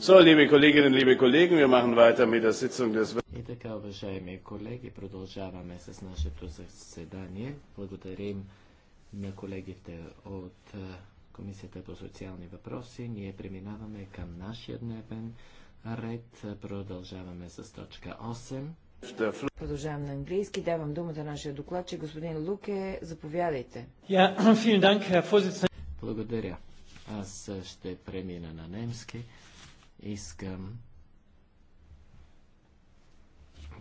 So, liebe Kolleginnen, liebe Kollegen, wir machen weiter mit der Sitzung des... И така, уважаеми колеги, продължаваме с нашето заседание. Благодарим на колегите от е, Комисията по социални въпроси. Ние преминаваме към нашия дневен ред. Продължаваме с точка 8. Продължавам на английски. Давам думата на нашия доклад, че господин Луке, заповядайте. Благодаря. Аз ще премина на немски. Искам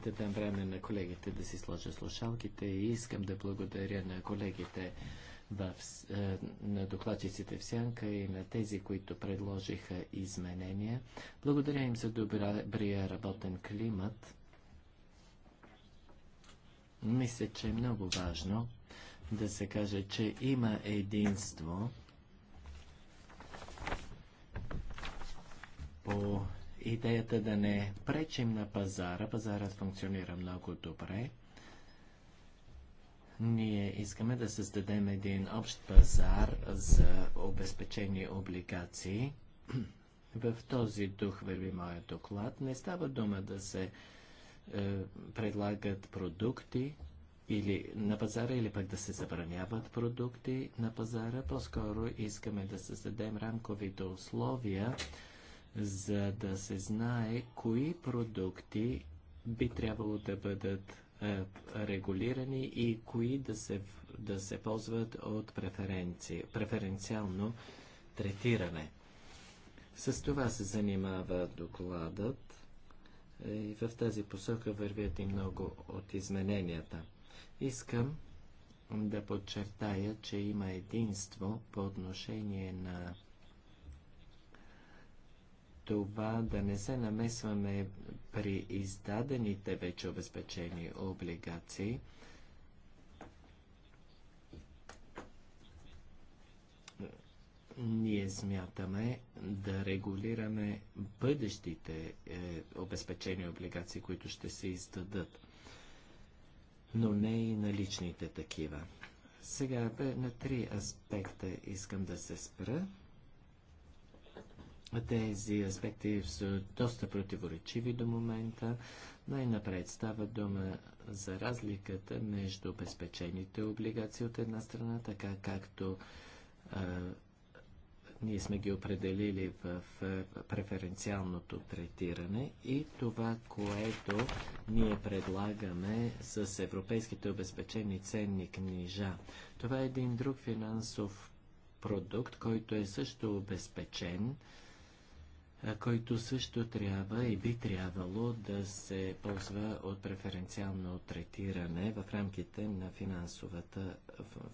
да дам време на колегите да си сложат слушалките и искам да благодаря на колегите в, е, на докладчиците в Сянка и на тези, които предложиха изменения. Благодаря им за добрия работен климат. Мисля, че е много важно да се каже, че има единство по идеята да не пречим на пазара. Пазарът функционира много добре. Ние искаме да създадем един общ пазар за обезпечени облигации. В този дух върви моят доклад. Не става дума да се е, предлагат продукти или на пазара, или пък да се забраняват продукти на пазара. По-скоро искаме да създадем рамковите условия, за да се знае кои продукти би трябвало да бъдат е, регулирани и кои да се, да се ползват от преференци, преференциално третиране. С това се занимава докладът и в тази посока вървят и много от измененията. Искам да подчертая, че има единство по отношение на това да не се намесваме при издадените вече обезпечени облигации. Ние смятаме да регулираме бъдещите е, обезпечени облигации, които ще се издадат, но не и наличните такива. Сега на три аспекта искам да се спра. Тези аспекти са доста противоречиви до момента. Най-напред става дума за разликата между обезпечените облигации от една страна, така както а, ние сме ги определили в, в преференциалното третиране и това, което ние предлагаме с европейските обезпечени ценни книжа. Това е един друг финансов продукт, който е също обезпечен който също трябва и би трябвало да се ползва от преференциално третиране в рамките на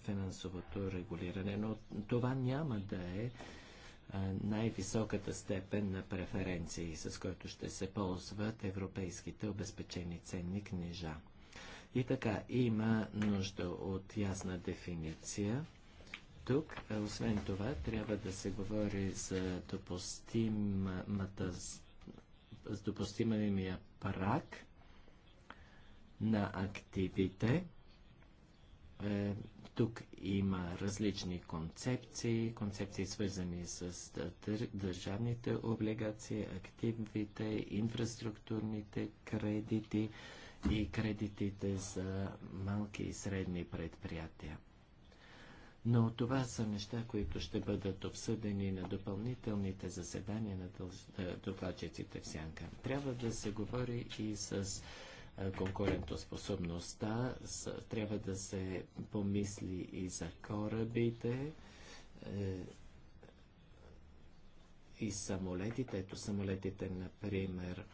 финансовото регулиране. Но това няма да е най-високата степен на преференции, с който ще се ползват европейските обезпечени ценни книжа. И така, има нужда от ясна дефиниция тук, е, освен това, трябва да се говори за допустимата, с допустимия прак на активите. Е, тук има различни концепции, концепции свързани с държавните облигации, активите, инфраструктурните кредити и кредитите за малки и средни предприятия. Но това са неща, които ще бъдат обсъдени на допълнителните заседания на е, докладчиците в Сянка. Трябва да се говори и с е, конкурентоспособността, трябва да се помисли и за корабите е, и самолетите. Ето самолетите, например,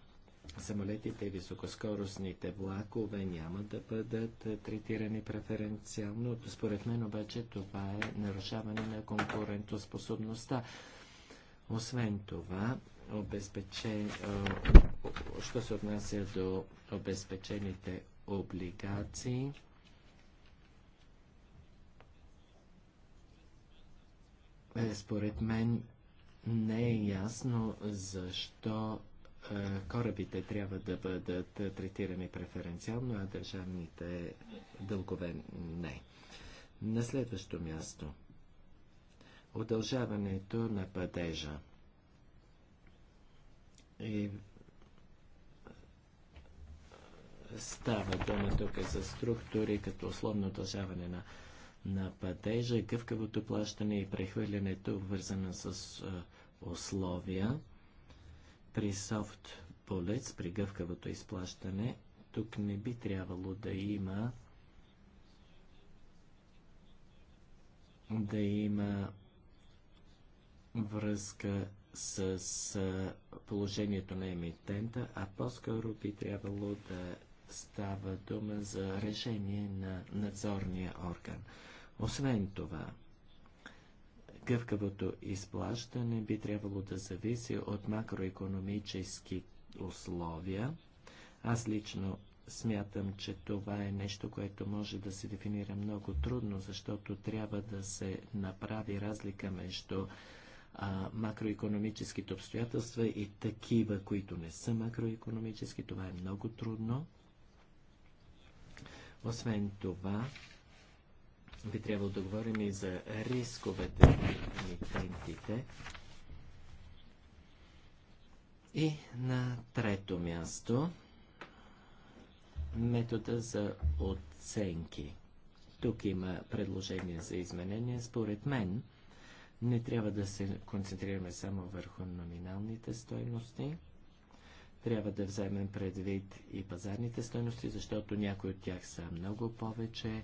самолетите и високоскоростните влакове няма да бъдат е, третирани преференциално. Според мен обаче това е нарушаване на конкурентоспособността. Освен това, обезпече... Е, що се отнася до обезпечените облигации, е, според мен не е ясно защо е, корабите трябва да бъдат третирани преференциално, а държавните дългове не. На следващо място. Удължаването на падежа. И става дума тук за структури, като условно удължаване на, на падежа, гъвкавото плащане и прехвърлянето, вързано с е, условия. При софт полец, при гъвкавото изплащане, тук не би трябвало да има да има връзка с положението на емитента, а по-скоро би трябвало да става дума за решение на надзорния орган. Освен това, Гъвкавото изплащане би трябвало да зависи от макроекономически условия. Аз лично смятам, че това е нещо, което може да се дефинира много трудно, защото трябва да се направи разлика между а, макроекономическите обстоятелства и такива, които не са макроекономически. Това е много трудно. Освен това, би трябвало да говорим и за рисковете на емитентите. И на трето място метода за оценки. Тук има предложение за изменение. Според мен не трябва да се концентрираме само върху номиналните стоености, Трябва да вземем предвид и пазарните стоености, защото някои от тях са много повече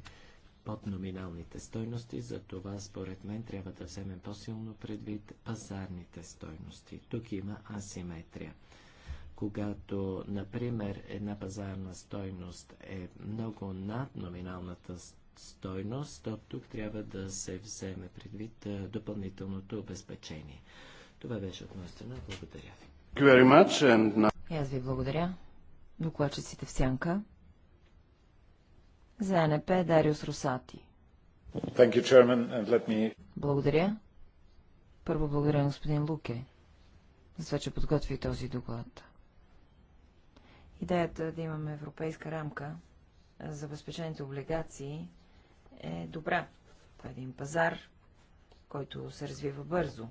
под номиналните стойности, за това според мен трябва да вземем по-силно предвид пазарните стойности. Тук има асиметрия. Когато, например, една пазарна стойност е много над номиналната стойност, то тук трябва да се вземе предвид допълнителното обезпечение. Това беше от моя страна. Благодаря ви. аз ви благодаря. Докладчиците в сянка. За НП Дариус Русати. You, Chairman, me... Благодаря. Първо благодаря на господин Луке за това, че подготви този доклад. Идеята да имаме европейска рамка за обезпечените облигации е добра. Това е един пазар, който се развива бързо.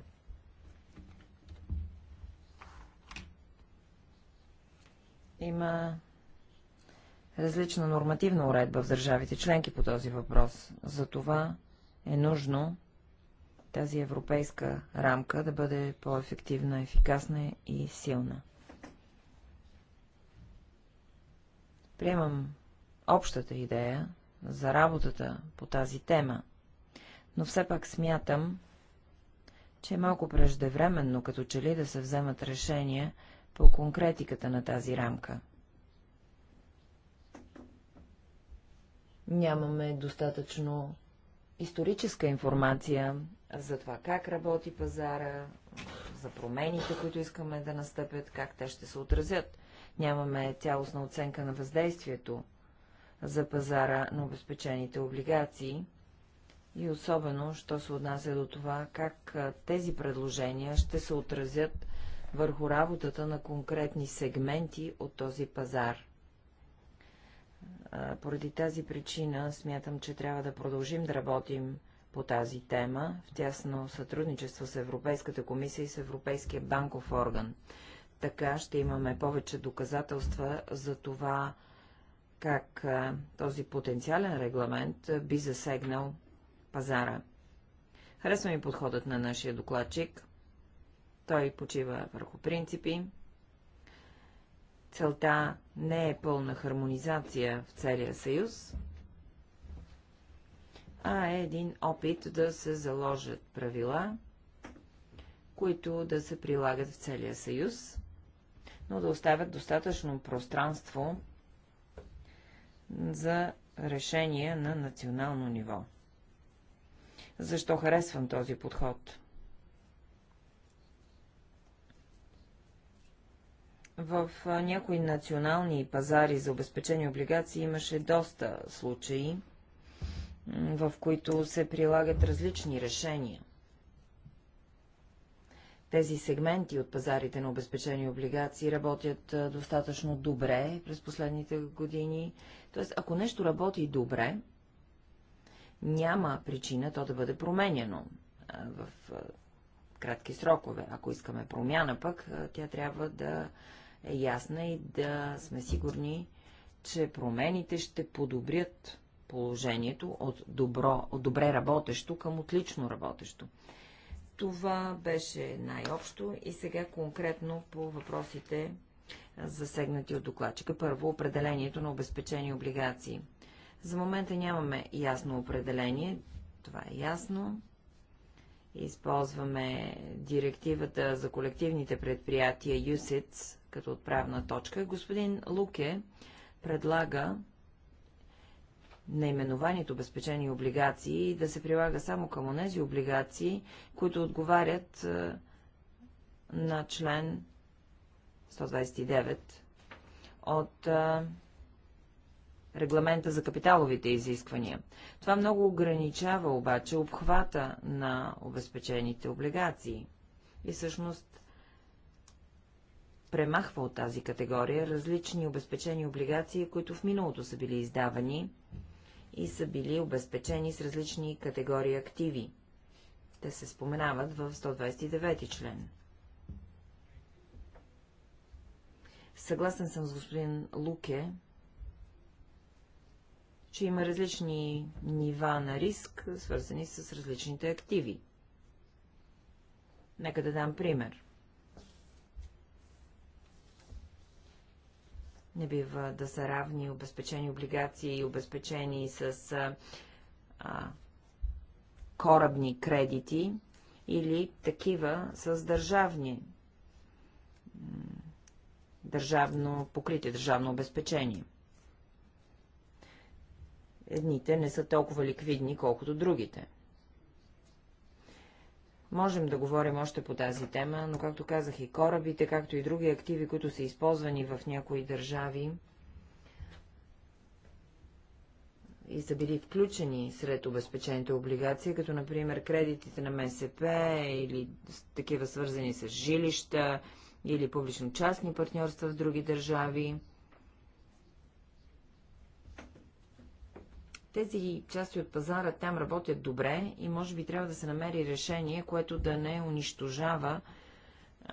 Има различна нормативна уредба в държавите членки по този въпрос. Затова е нужно тази европейска рамка да бъде по-ефективна, ефикасна и силна. Приемам общата идея за работата по тази тема, но все пак смятам, че е малко преждевременно, като че ли да се вземат решения по конкретиката на тази рамка – Нямаме достатъчно историческа информация за това как работи пазара, за промените, които искаме да настъпят, как те ще се отразят. Нямаме цялостна оценка на въздействието за пазара на обезпечените облигации и особено, що се отнася до това, как тези предложения ще се отразят върху работата на конкретни сегменти от този пазар. Поради тази причина смятам, че трябва да продължим да работим по тази тема в тясно сътрудничество с Европейската комисия и с Европейския банков орган. Така ще имаме повече доказателства за това, как този потенциален регламент би засегнал пазара. Харесва ми подходът на нашия докладчик. Той почива върху принципи. Целта не е пълна хармонизация в целия съюз, а е един опит да се заложат правила, които да се прилагат в целия съюз, но да оставят достатъчно пространство за решение на национално ниво. Защо харесвам този подход? В някои национални пазари за обезпечени облигации имаше доста случаи, в които се прилагат различни решения. Тези сегменти от пазарите на обезпечени облигации работят достатъчно добре през последните години. Тоест, ако нещо работи добре, няма причина то да бъде променено в кратки срокове. Ако искаме промяна пък, тя трябва да е ясна и да сме сигурни, че промените ще подобрят положението от, добро, от добре работещо към отлично работещо. Това беше най-общо и сега конкретно по въпросите засегнати от докладчика. Първо, определението на обезпечени облигации. За момента нямаме ясно определение, това е ясно. Използваме директивата за колективните предприятия USITS като отправна точка. Господин Луке предлага наименованието обезпечени облигации да се прилага само към онези облигации, които отговарят е, на член 129 от е, регламента за капиталовите изисквания. Това много ограничава обаче обхвата на обезпечените облигации и всъщност премахва от тази категория различни обезпечени облигации, които в миналото са били издавани и са били обезпечени с различни категории активи. Те се споменават в 129 член. Съгласен съм с господин Луке, че има различни нива на риск, свързани с различните активи. Нека да дам пример. Не бива да са равни обезпечени облигации и обезпечени с а, корабни кредити или такива с държавни държавно покритие, държавно обезпечение. Едните не са толкова ликвидни, колкото другите. Можем да говорим още по тази тема, но както казах и корабите, както и други активи, които са използвани в някои държави и са били включени сред обезпечените облигации, като например кредитите на МСП или такива свързани с жилища или публично-частни партньорства в други държави. Тези части от пазара там работят добре и може би трябва да се намери решение, което да не унищожава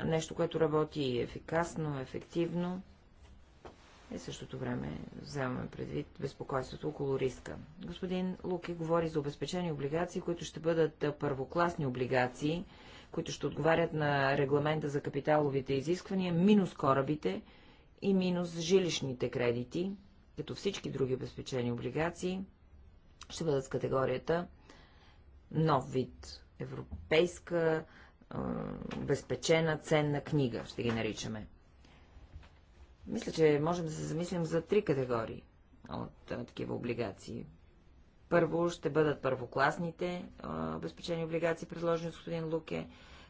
нещо, което работи ефикасно, ефективно и в същото време вземаме предвид безпокойството около риска. Господин Луки говори за обезпечени облигации, които ще бъдат първокласни облигации, които ще отговарят на регламента за капиталовите изисквания, минус корабите и минус жилищните кредити, като всички други обезпечени облигации – ще бъдат с категорията нов вид европейска, безпечена, ценна книга, ще ги наричаме. Мисля, че можем да се замислим за три категории от такива облигации. Първо ще бъдат първокласните обезпечени облигации, предложени от господин Луке.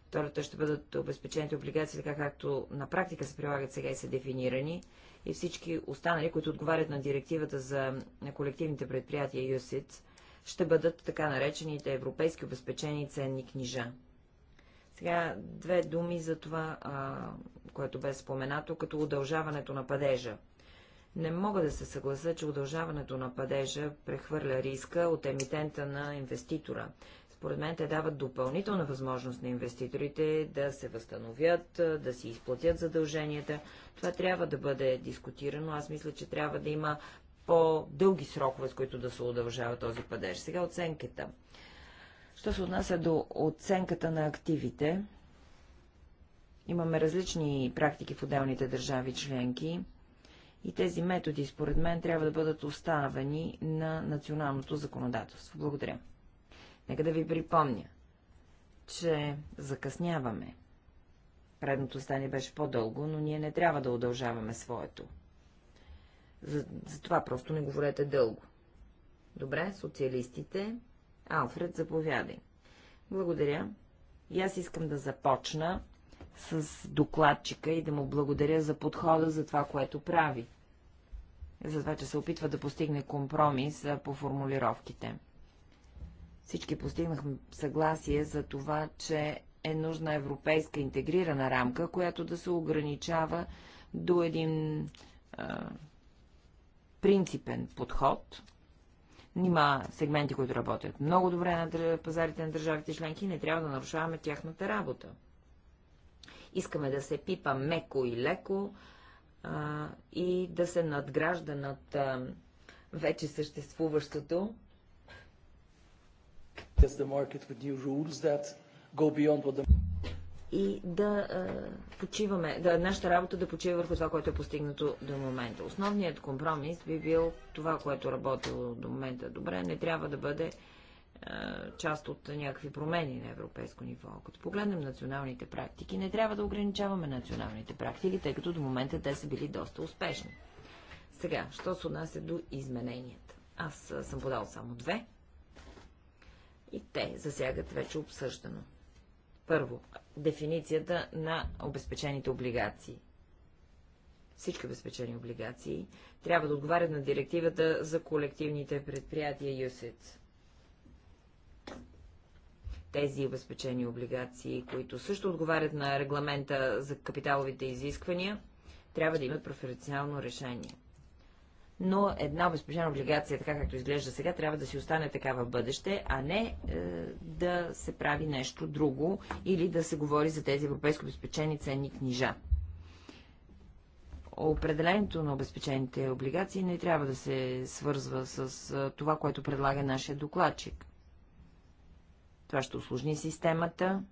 Второ, те ще бъдат обезпечените облигации, така както на практика се прилагат сега и са дефинирани. И всички останали, които отговарят на директивата за колективните предприятия USIT, ще бъдат така наречените европейски обезпечени ценни книжа. Сега две думи за това, а, което бе споменато, като удължаването на падежа. Не мога да се съглася, че удължаването на падежа прехвърля риска от емитента на инвеститора. Според мен те дават допълнителна възможност на инвеститорите да се възстановят, да си изплатят задълженията. Това трябва да бъде дискутирано. Аз мисля, че трябва да има по-дълги срокове, с които да се удължава този падеж. Сега оценката. Що се отнася до оценката на активите, имаме различни практики в отделните държави членки и тези методи, според мен, трябва да бъдат оставени на националното законодателство. Благодаря. Нека да ви припомня, че закъсняваме. Предното стане беше по-дълго, но ние не трябва да удължаваме своето. За, за това просто не говорете дълго. Добре, социалистите. Алфред, заповядай. Благодаря. И аз искам да започна с докладчика и да му благодаря за подхода за това, което прави. За това, че се опитва да постигне компромис по формулировките. Всички постигнахме съгласие за това, че е нужна европейска интегрирана рамка, която да се ограничава до един а, принципен подход. Има сегменти, които работят много добре на пазарите на държавите членки и не трябва да нарушаваме тяхната работа. Искаме да се пипа меко и леко а, и да се надгражда над а, вече съществуващото, и да е, почиваме, да, нашата работа да почива върху това, което е постигнато до момента. Основният компромис би бил това, което е работило до момента добре, не трябва да бъде е, част от някакви промени на европейско ниво. Като погледнем националните практики, не трябва да ограничаваме националните практики, тъй като до момента те са били доста успешни. Сега, що се отнася до измененията? Аз е, съм подал само две. И те засягат вече обсъждано. Първо, дефиницията на обезпечените облигации. Всички обезпечени облигации трябва да отговарят на директивата за колективните предприятия USIT. тези обезпечени облигации, които също отговарят на регламента за капиталовите изисквания, трябва да имат преференциално решение но една обезпечена облигация, така както изглежда сега, трябва да си остане такава в бъдеще, а не е, да се прави нещо друго или да се говори за тези европейско обезпечени ценни книжа. Определението на обезпечените облигации не трябва да се свързва с е, това, което предлага нашия докладчик. Това ще осложни системата,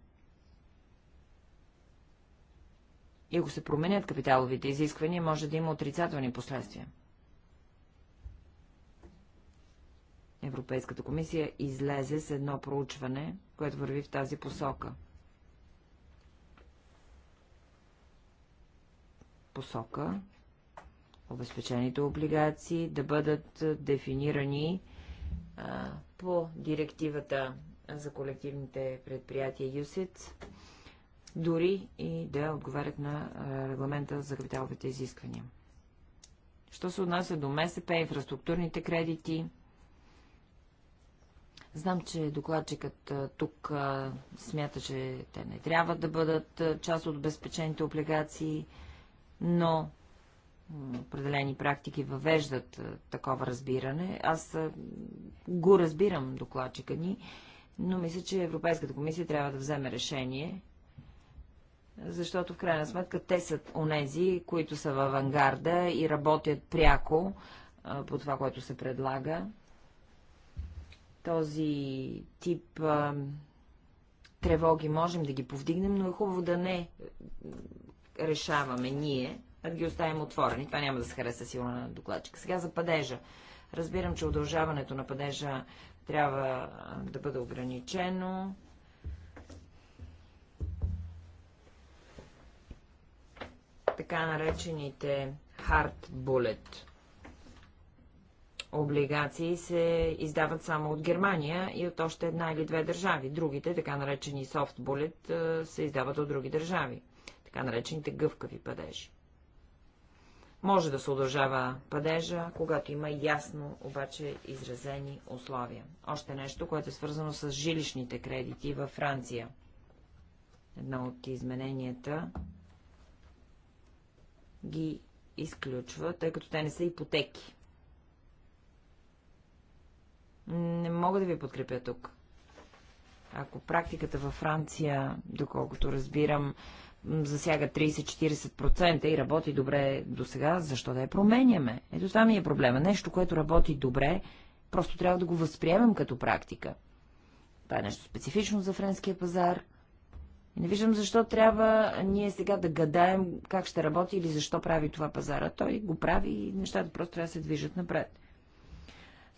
и ако се променят капиталовите изисквания, може да има отрицателни последствия. Европейската комисия излезе с едно проучване, което върви в тази посока. Посока обезпечените облигации да бъдат дефинирани а, по директивата за колективните предприятия ЮСИЦ, дори и да отговарят на регламента за капиталовите изисквания. Що се отнася до МСП, инфраструктурните кредити, Знам, че докладчикът тук смята, че те не трябва да бъдат част от безпечените облигации, но определени практики въвеждат такова разбиране. Аз го разбирам докладчика ни, но мисля, че Европейската комисия трябва да вземе решение, защото в крайна сметка те са онези, които са в авангарда и работят пряко по това, което се предлага този тип а, тревоги можем да ги повдигнем, но е хубаво да не решаваме ние, а да ги оставим отворени. Това няма да се хареса сигурно на докладчика. Сега за падежа. Разбирам, че удължаването на падежа трябва да бъде ограничено. Така наречените hard bullet облигации се издават само от Германия и от още една или две държави. Другите, така наречени soft bullet, се издават от други държави. Така наречените гъвкави падежи. Може да се удължава падежа, когато има ясно, обаче, изразени условия. Още нещо, което е свързано с жилищните кредити във Франция. Едно от измененията ги изключва, тъй като те не са ипотеки не мога да ви подкрепя тук. Ако практиката във Франция, доколкото разбирам, засяга 30-40% и работи добре до сега, защо да я променяме? Ето това ми е проблема. Нещо, което работи добре, просто трябва да го възприемем като практика. Това е нещо специфично за френския пазар. И не виждам защо трябва ние сега да гадаем как ще работи или защо прави това пазара. Той го прави и нещата просто трябва да се движат напред.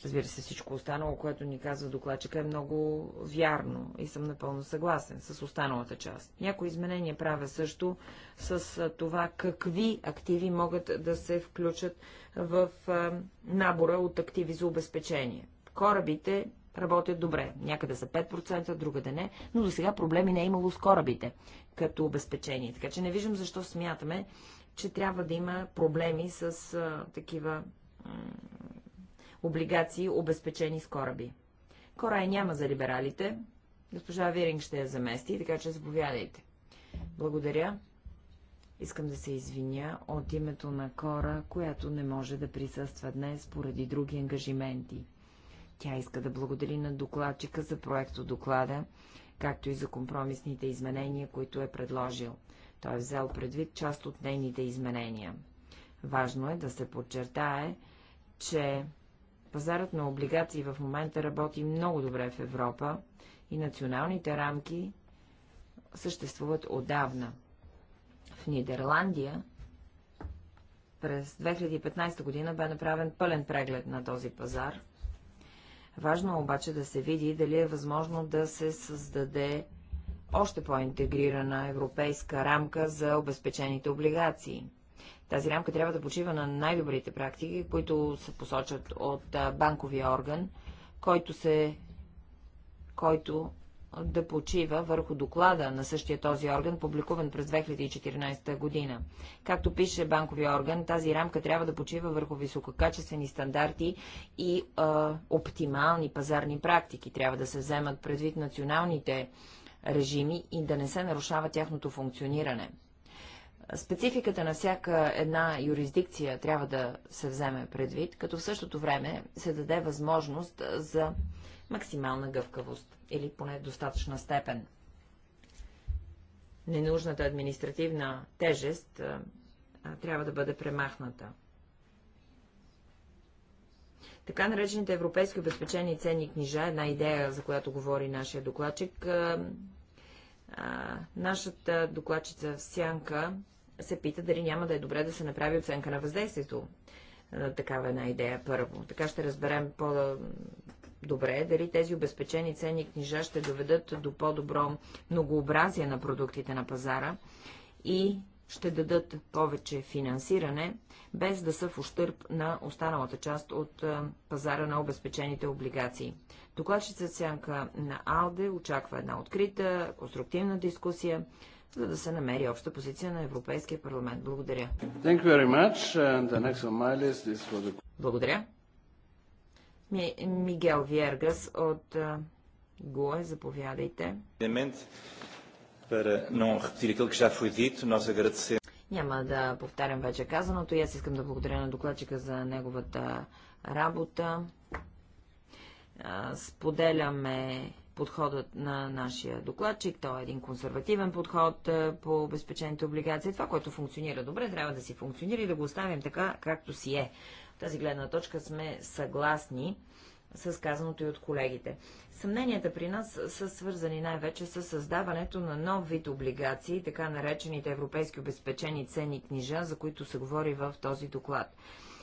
Разбира се, всичко останало, което ни казва докладчика е много вярно и съм напълно съгласен с останалата част. Някои изменения правя също с това какви активи могат да се включат в набора от активи за обезпечение. Корабите работят добре. Някъде са 5%, другаде не, но до сега проблеми не е имало с корабите като обезпечение. Така че не виждам защо смятаме, че трябва да има проблеми с а, такива облигации, обезпечени с кораби. Корай няма за либералите. Госпожа Виринг ще я замести, така че заповядайте. Благодаря. Искам да се извиня от името на Кора, която не може да присъства днес поради други ангажименти. Тя иска да благодари на докладчика за проекто доклада, както и за компромисните изменения, които е предложил. Той е взел предвид част от нейните изменения. Важно е да се подчертае, че Пазарът на облигации в момента работи много добре в Европа и националните рамки съществуват отдавна. В Нидерландия през 2015 година бе направен пълен преглед на този пазар. Важно е обаче да се види дали е възможно да се създаде още по-интегрирана европейска рамка за обезпечените облигации. Тази рамка трябва да почива на най-добрите практики, които се посочат от банковия орган, който се който да почива върху доклада на същия този орган, публикуван през 2014 година. Както пише банковия орган, тази рамка трябва да почива върху висококачествени стандарти и а, оптимални пазарни практики. Трябва да се вземат предвид националните режими и да не се нарушава тяхното функциониране. Спецификата на всяка една юрисдикция трябва да се вземе предвид, като в същото време се даде възможност за максимална гъвкавост или поне достатъчна степен. Ненужната административна тежест а, трябва да бъде премахната. Така наречените европейски обезпечени ценни книжа, една идея, за която говори нашия докладчик, а, а, нашата докладчица в Сянка се пита дали няма да е добре да се направи оценка на въздействието на такава една идея първо. Така ще разберем по-добре дали тези обезпечени ценни книжа ще доведат до по-добро многообразие на продуктите на пазара и ще дадат повече финансиране, без да са в ущърп на останалата част от пазара на обезпечените облигации. Докладчица Сянка на Алде очаква една открита, конструктивна дискусия, за да се намери обща позиция на Европейския парламент. Благодаря. The... Благодаря. Мигел Виергас от ГУЕ, заповядайте. Няма да повтарям вече казаното и аз искам да благодаря на докладчика за неговата работа. Споделяме подходът на нашия докладчик. Той е един консервативен подход е, по обезпечените облигации. Това, което функционира добре, трябва да си функционира и да го оставим така, както си е. От тази гледна точка сме съгласни с казаното и от колегите. Съмненията при нас са свързани най-вече с създаването на нов вид облигации, така наречените европейски обезпечени ценни книжа, за които се говори в този доклад.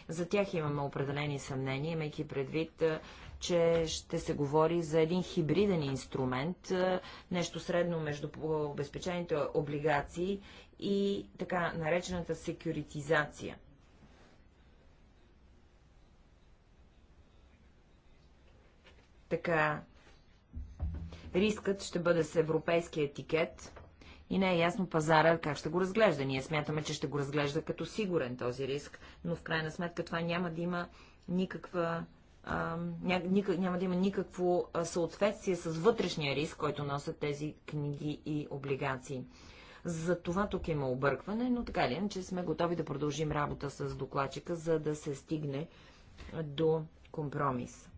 За тях имаме определени съмнения, имайки предвид, че ще се говори за един хибриден инструмент, нещо средно между обезпечените облигации и така наречената секюритизация. Така, рискът ще бъде с европейски етикет – и не е ясно пазара как ще го разглежда. Ние смятаме, че ще го разглежда като сигурен този риск, но в крайна сметка това няма да има никаква няма да има никакво съответствие с вътрешния риск, който носят тези книги и облигации. За това тук има объркване, но така ли че сме готови да продължим работа с докладчика, за да се стигне до компромис.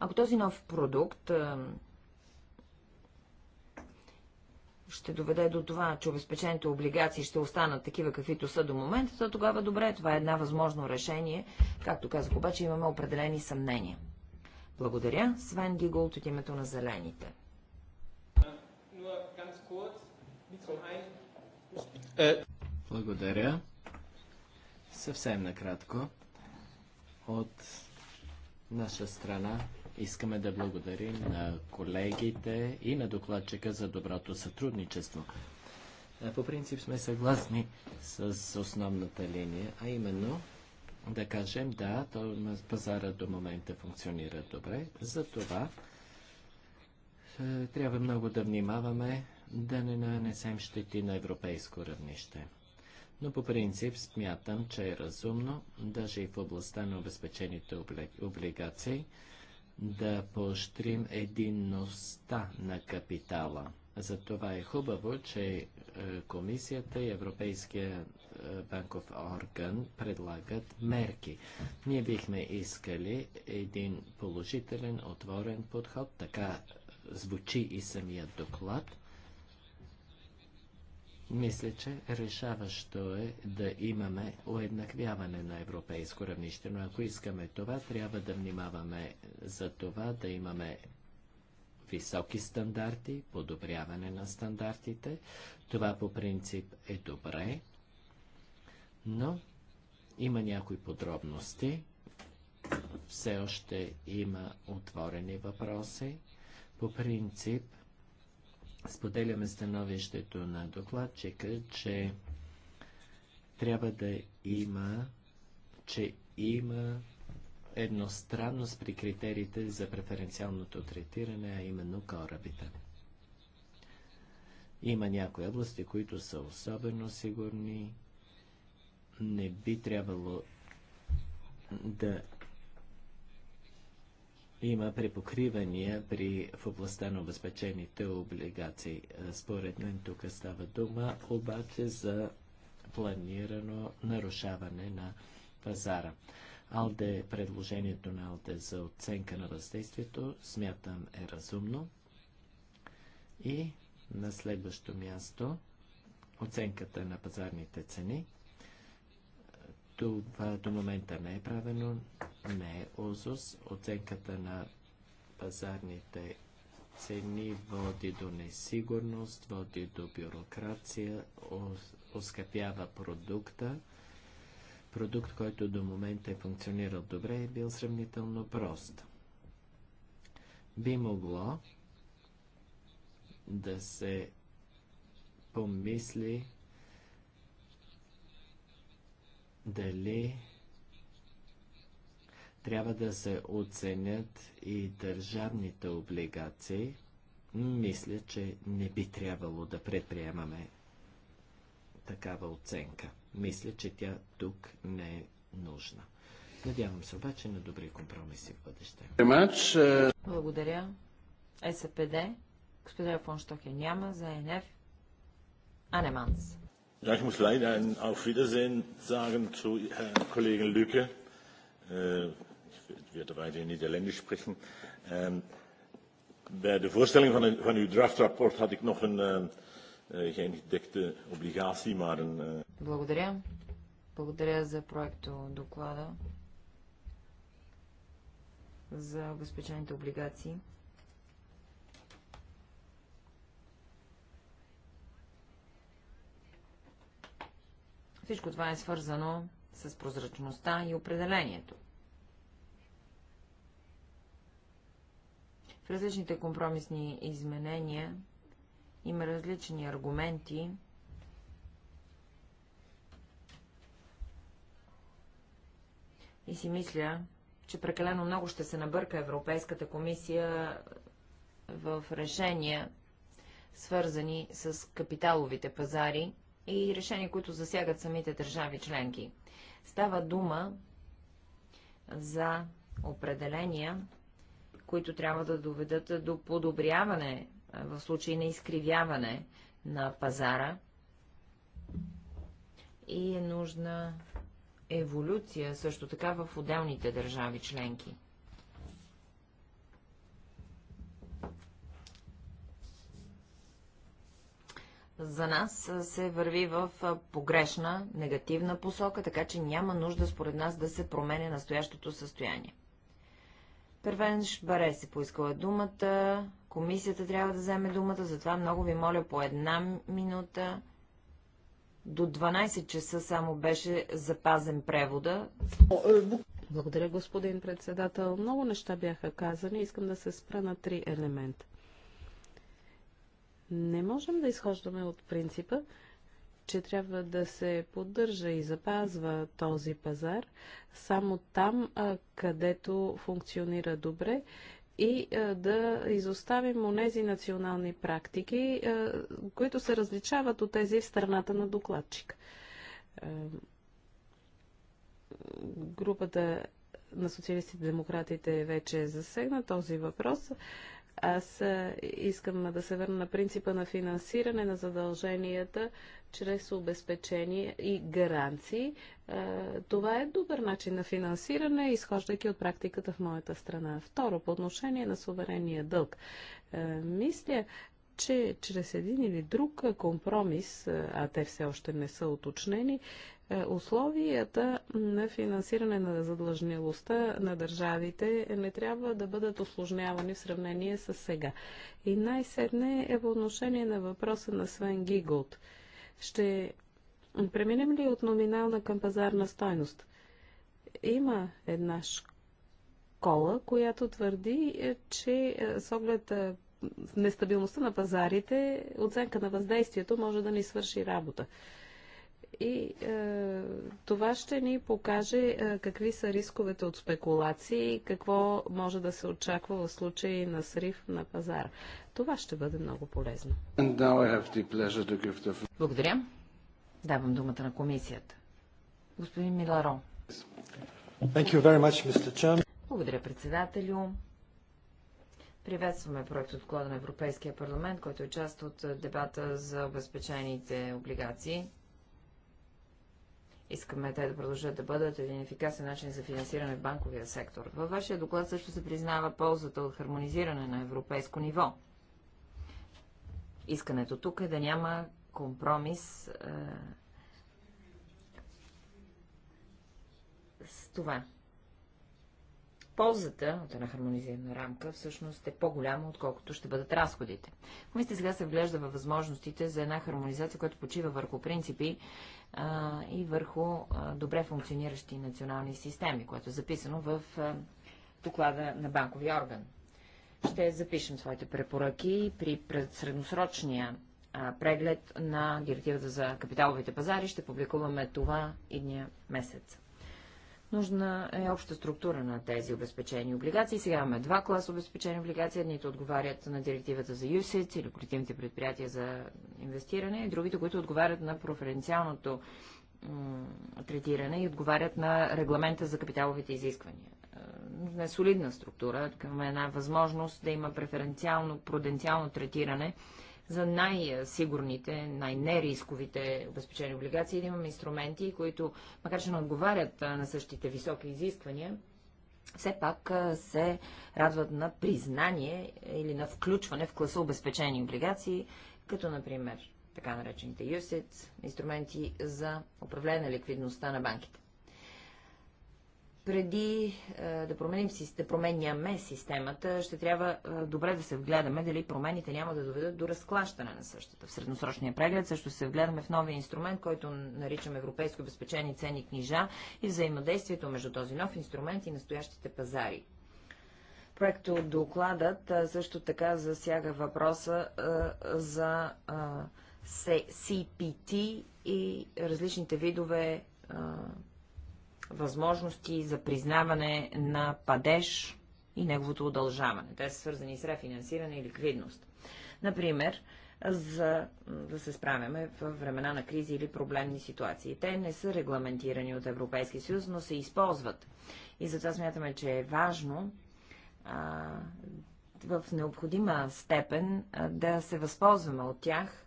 Ако този нов продукт ще доведе до това, че обезпечените облигации ще останат такива, каквито са до момента, то тогава добре, това е една възможно решение. Както казах, обаче имаме определени съмнения. Благодаря. Свен Гиголт от името на Зелените. Благодаря. Съвсем накратко. От наша страна Искаме да благодарим на колегите и на докладчика за доброто сътрудничество. Е, по принцип сме съгласни с основната линия, а именно да кажем да, то пазара до момента функционира добре, затова това е, трябва много да внимаваме да не нанесем щети на европейско равнище. Но по принцип смятам, че е разумно, даже и в областта на обезпечените облигации, да поощрим единността на капитала. Затова е хубаво, че е, комисията и Европейския е, банков орган предлагат мерки. Ние бихме искали един положителен, отворен подход, така звучи и самият доклад. Мисля, че решаващо е да имаме уеднаквяване на европейско равнище, но ако искаме това, трябва да внимаваме за това да имаме високи стандарти, подобряване на стандартите. Това по принцип е добре, но има някои подробности. Все още има отворени въпроси. По принцип Споделяме становището на докладчика, че трябва да има, че има едностранност при критериите за преференциалното третиране, а именно корабите. Има някои области, които са особено сигурни. Не би трябвало да има припокривания при, в областта на обезпечените облигации. Е, според мен тук става дума обаче за планирано нарушаване на пазара. Алде, предложението на Алде за оценка на въздействието смятам е разумно. И на следващо място оценката на пазарните цени – това до момента не е правено, не е ОЗОС. Оценката на пазарните цени води до несигурност, води до бюрокрация, оскъпява продукта. Продукт, който до момента е функционирал добре, е бил сравнително прост. Би могло да се помисли дали трябва да се оценят и държавните облигации, мисля, че не би трябвало да предприемаме такава оценка. Мисля, че тя тук не е нужна. Надявам се обаче на добри компромиси в бъдеще. Благодаря. Е СПД. Господа Фонштоке няма. За НФ. Анеманс. Ja, ich muss leider ein Auf Wiedersehen sagen zu Herrn Kollegen Lücke. Ich werde weiter in Nederlands spreken. Bij de voorstelling von van uw draftrapport had ik nog een uh, geen gedekte obligatie, maar een... Благодаря. Благодаря за проекто доклада за обезпечените облигации. Всичко това е свързано с прозрачността и определението. В различните компромисни изменения има различни аргументи, и си мисля, че прекалено много ще се набърка Европейската комисия в решения, свързани с капиталовите пазари и решения, които засягат самите държави членки. Става дума за определения, които трябва да доведат до подобряване в случай на изкривяване на пазара и е нужна еволюция също така в отделните държави членки. за нас се върви в погрешна, негативна посока, така че няма нужда според нас да се променя настоящото състояние. Первенш Баре се поискала думата, комисията трябва да вземе думата, затова много ви моля по една минута. До 12 часа само беше запазен превода. Благодаря, господин председател. Много неща бяха казани. Искам да се спра на три елемента. Не можем да изхождаме от принципа, че трябва да се поддържа и запазва този пазар само там, където функционира добре и да изоставим онези национални практики, които се различават от тези в страната на докладчик. Групата на социалистите и демократите е вече засегна този въпрос. Аз искам да се върна на принципа на финансиране на задълженията чрез обезпечение и гаранции. Това е добър начин на финансиране, изхождайки от практиката в моята страна. Второ, по отношение на суверения дълг. Мисля, че чрез един или друг компромис, а те все още не са уточнени, е, условията на финансиране на задлъжнилостта на държавите не трябва да бъдат осложнявани в сравнение с сега. И най седне е по отношение на въпроса на Свен Гиголд. Ще преминем ли от номинална към пазарна стойност? Има една школа, която твърди, е, че е, с оглед нестабилността на пазарите, оценка на въздействието може да ни свърши работа и е, това ще ни покаже е, какви са рисковете от спекулации и какво може да се очаква в случай на срив на пазара. Това ще бъде много полезно. Благодаря. Давам думата на комисията. Господин Миларо. Much, Благодаря, председателю. Приветстваме проект от Клада на Европейския парламент, който е част от е, дебата за обезпечените облигации. Искаме те да продължат да бъдат един ефикасен начин за финансиране в банковия сектор. Във вашия доклад също се признава ползата от хармонизиране на европейско ниво. Искането тук е да няма компромис е, с това. Ползата от една хармонизирана рамка всъщност е по-голяма, отколкото ще бъдат разходите. Комисията сега се вглежда във възможностите за една хармонизация, която почива върху принципи, а, и върху а, добре функциониращи национални системи, което е записано в а, доклада на банковия орган. Ще запишем своите препоръки при средносрочния преглед на директивата за капиталовите пазари. Ще публикуваме това идния месец. Нужна е обща структура на тези обезпечени облигации. Сега имаме два класа обезпечени облигации. Едните отговарят на директивата за USIT или колективните предприятия за инвестиране, и другите, които отговарят на преференциалното третиране и отговарят на регламента за капиталовите изисквания. Е, не е солидна структура, към една възможност да има преференциално, пруденциално третиране за най-сигурните, най-нерисковите обезпечени облигации, да имаме инструменти, които, макар че не отговарят на същите високи изисквания, все пак се радват на признание или на включване в класа обезпечени облигации, като, например, така наречените USIT, инструменти за управление на ликвидността на банките преди е, да, променим, да променяме системата, ще трябва е, добре да се вгледаме дали промените няма да доведат до разклащане на същата. В средносрочния преглед също се вгледаме в новия инструмент, който наричаме Европейско обезпечени ценни книжа и взаимодействието между този нов инструмент и настоящите пазари. Проекто докладът е, също така засяга въпроса за CPT и различните видове възможности за признаване на падеж и неговото удължаване. Те са свързани с рефинансиране и ликвидност. Например, за да се справяме в времена на кризи или проблемни ситуации. Те не са регламентирани от Европейския съюз, но се използват. И затова смятаме, че е важно а, в необходима степен а, да се възползваме от тях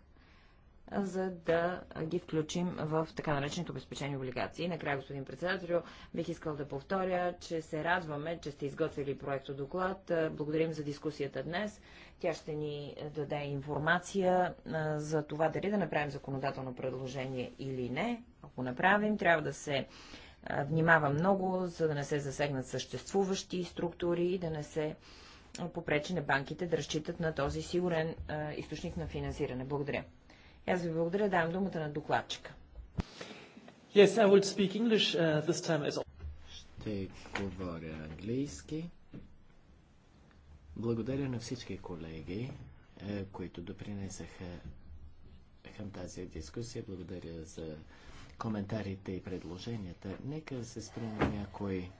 за да ги включим в така наречените обезпечени облигации. Накрая, господин председател, бих искал да повторя, че се радваме, че сте изготвили проекто доклад. Е, благодарим за дискусията днес. Тя ще ни даде информация е, за това дали да направим законодателно предложение или не. Ако направим, трябва да се е, внимава много, за да не се засегнат съществуващи структури и да не се попречи на банките да разчитат на този сигурен източник на финансиране. Благодаря. Аз ви благодаря, давам думата на докладчика. Yes, I will speak English uh, this time as Ще говоря английски. Благодаря на всички колеги, е, които допринесаха към тази дискусия. Благодаря за коментарите и предложенията. Нека се спрем на някои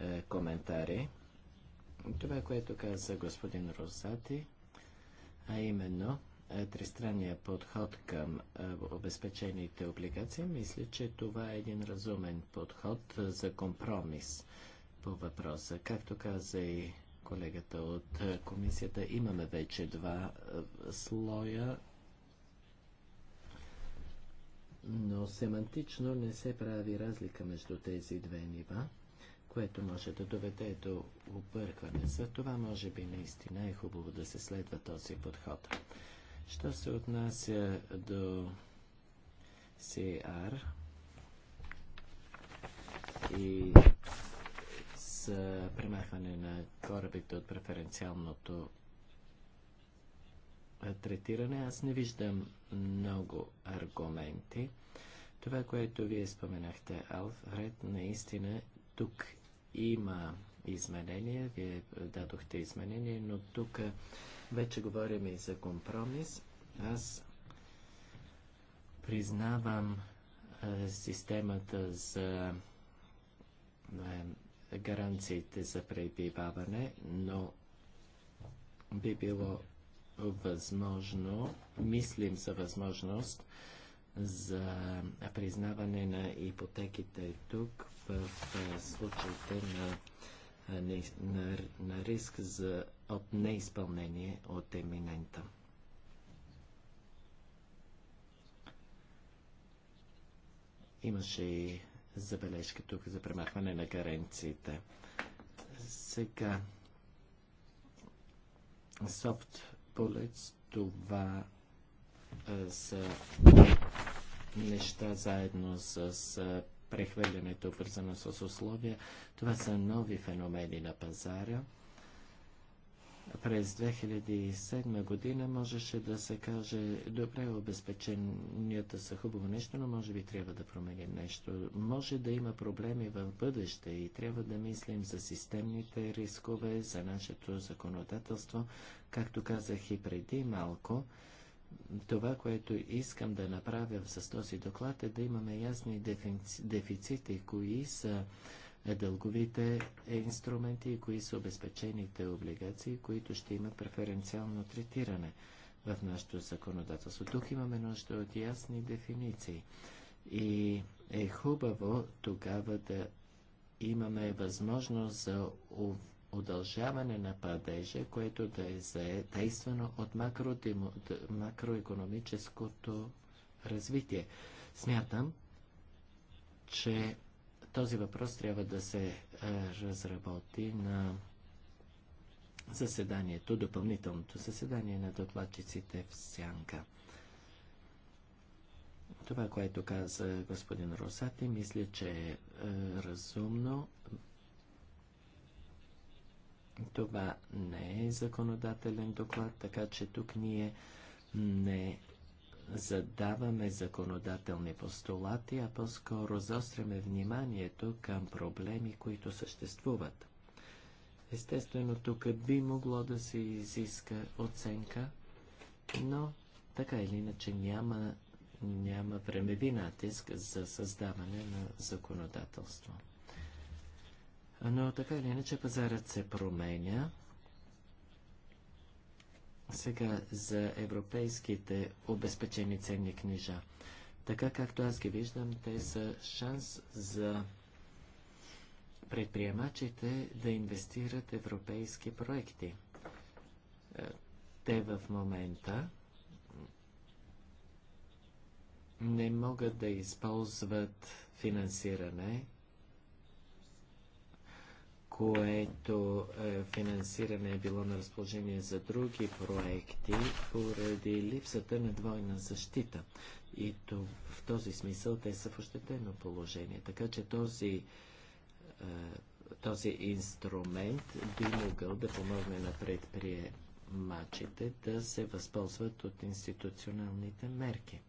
е, коментари. Това, което каза господин Розати, а именно е, тристранния подход към е, обезпечените облигации, мисля, че това е един разумен подход е, за компромис по въпроса. Както каза и колегата от комисията, имаме вече два слоя, но семантично не се прави разлика между тези две нива което може да доведе до объркване. За това може би наистина е хубаво да се следва този подход. Що се отнася до CR и с премахване на корабите от преференциалното третиране, аз не виждам много аргументи. Това, което вие споменахте, Алфред, наистина тук има изменения, вие дадохте изменения, но тук вече говорим и за компромис. Аз признавам а, е, системата за а, е, гаранциите за пребиваване, но би било възможно, мислим за възможност за признаване на ипотеките тук в, в е, случаите на, на, на, на риск за от неизпълнение от еминента. Имаше и забележка тук за премахване на гаренциите. Сега, soft bullets, това са неща заедно с, с прехвърлянето, вързано с условия. Това са нови феномени на пазара – през 2007 година можеше да се каже, добре, обезпеченията са хубаво нещо, но може би трябва да променим нещо. Може да има проблеми в бъдеще и трябва да мислим за системните рискове, за нашето законодателство. Както казах и преди малко, това, което искам да направя с този доклад е да имаме ясни дефицити, кои са дълговите е инструменти и кои са обезпечените облигации, които ще имат преференциално третиране в нашето законодателство. Тук имаме нужда от ясни дефиниции. И е хубаво тогава да имаме възможност за удължаване на падежа, което да е задействано от макроекономическото развитие. Смятам, че този въпрос трябва да се разработи на заседанието, допълнителното заседание на докладчиците в Сянка. Това, което каза господин Росати, мисля, че е, е разумно. Това не е законодателен доклад, така че тук ние не задаваме законодателни постулати, а по-скоро заостряме вниманието към проблеми, които съществуват. Естествено, тук би могло да се изиска оценка, но така или иначе няма, няма времеви натиск за създаване на законодателство. Но така или иначе пазарът се променя сега за европейските обезпечени ценни книжа. Така както аз ги виждам, те са шанс за предприемачите да инвестират европейски проекти. Е, те в момента не могат да използват финансиране което е, финансиране е било на разположение за други проекти поради липсата на двойна защита. И то, в този смисъл те са в ощетено положение. Така че този, е, този инструмент би могъл да помогне на предприемачите да се възползват от институционалните мерки.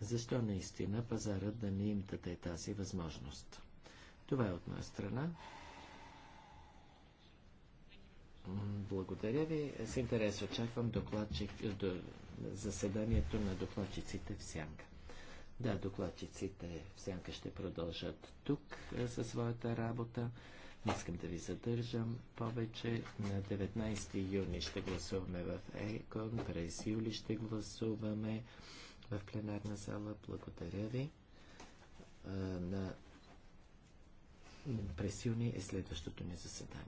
Защо наистина пазарът да не им даде тази възможност? Това е от моя страна. Благодаря ви. С интерес очаквам докладчик, е, до, заседанието на докладчиците в Сянка. Да, докладчиците в Сянка ще продължат тук е, със своята работа. Не искам да ви задържам повече. На 19 юни ще гласуваме в ЕКОН, през юли ще гласуваме в пленарна зала. Благодаря ви. Е, на през юни е следващото ни заседание.